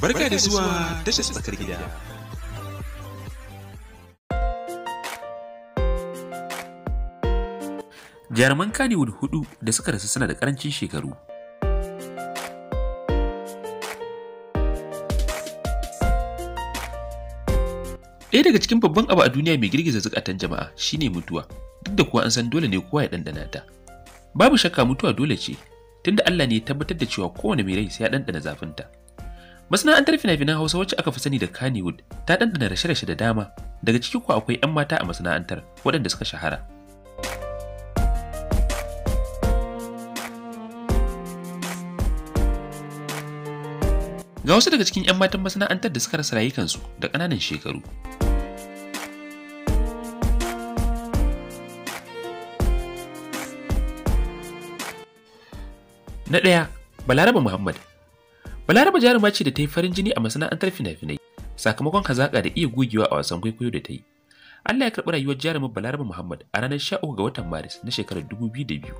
Barka da zuwa tashar tsakar gida. Jaruman Kannywood hudu da suka rasu suna da karancin shekaru. Ɗaya daga cikin babban abu a duniya mai girgiza zukatan jama'a shine mutuwa, duk da kuwa an san dole ne kowa ya ɗanɗana ta. Babu shakka mutuwa dole ce, tunda Allah ne ya tabbatar da cewa kowane mai rai sai ya ɗanɗana zafinta. Masana'antar fina-finan Hausa wacce aka fi sani da Kannywood ta ɗanɗana rashe-rashe da dama, daga ciki kuwa akwai 'yan mata a masana'antar waɗanda suka shahara. Ga wasu daga cikin 'yan matan masana'antar da suka rasa rayukansu da ƙananan shekaru. Na ɗaya, Balaraba Muhammad Balaraba jaruma ce da ta yi farin jini a masana'antar fina-finai sakamakon hazaƙa da iya gogewa a wasan kwaikwayo da ta yi. Allah ya karɓi rayuwar jarumin Balaraba Muhammad a ranar 13 ga watan Maris na shekarar dubu biyu da biyu.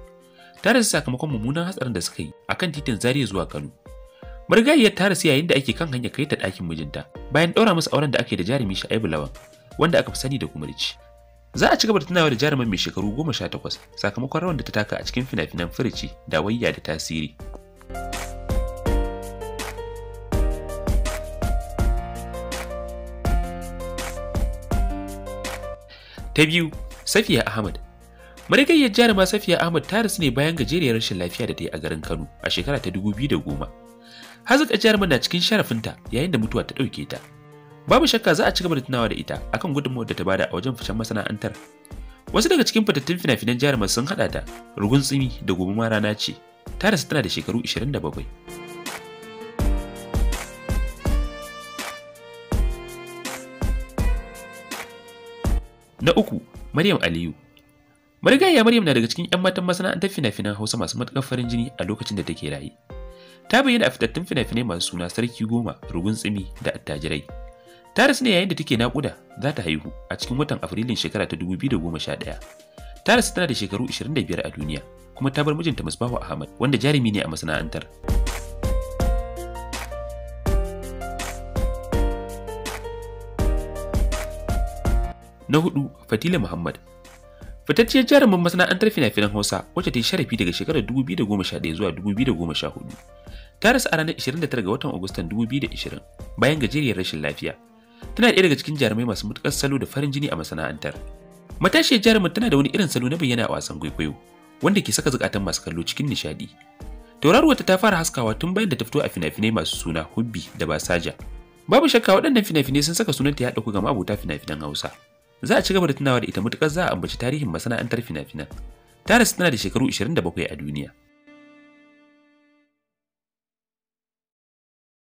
Ta rasu sakamakon mummunan hatsarin da suka yi a kan titin Zariya zuwa Kano. ya ta rasu yayin da ake kan hanya kai ta ɗakin mijinta bayan ɗaura masa auren da ake da jarumi Sha'ibu Lawan wanda aka fi sani da kumarci. Za a ci gaba da tunawa da jaruman mai shekaru takwas, sakamakon rawan da ta taka a cikin fina-finan firici da wayya da tasiri. Ta biyu, Safiya Ahmad. Marigayyar jaruma Safiya Ahmad ta rasu ne bayan gajeriyar rashin lafiya da ta yi a garin Kano a shekara ta da goma. Hazaka jaruma na cikin sharafinta yayin da mutuwa ta ɗauke ta. Babu shakka za a ci gaba da tunawa da ita akan gudunmawar da ta bada a wajen ficen masana'antar. Wasu daga cikin fitattun fina-finan jarumar sun haɗa ta Rugun Tsimi da Gobe Rana ce, ta rasu tana da shekaru da bakwai. Na uku, Maryam Aliyu. Marigayya Maryam na daga cikin 'yan matan masana'antar fina-finan Hausa masu matuƙar farin jini a lokacin da take raye. Ta bayyana a fitattun fina-finai masu suna Sarki Goma, Rugun Tsimi da Attajirai. Ta rasu ne yayin da take naƙuda za ta haihu a cikin watan Afrilun shekara ta da 2011. Ta rasu tana da shekaru 25 a duniya, kuma ta bar mijinta Musbahu Ahmad, wanda jarumi ne a masana'antar. Na hudu Fatila Muhammad. Fitacciyar jarumin masana'antar fina-finan Hausa wacce ta yi sharafi daga shekarar 2011 zuwa 2014. Ta rasu a ranar 29 ga watan Agustan 2020 bayan gajeriyar rashin lafiya. Tana ɗaya daga cikin jarumai masu matuƙar salo da farin jini a masana'antar. Matashiyar jarumin tana da wani irin salo na bayyana a wasan kwaikwayo wanda ke saka zukatan masu kallo cikin nishaɗi. Tauraruwarta ta fara haskawa tun bayan da ta fito a fina-finai masu suna Hubbi da Basaja. Babu shakka waɗannan fina-finai sun saka sunanta ya ɗauku ga mabuta fina-finan Hausa. Za a ci gaba da tunawa da ita matuƙar za a ambaci tarihin masana'antar fina-finan. Taris tana da shekaru 27 a duniya.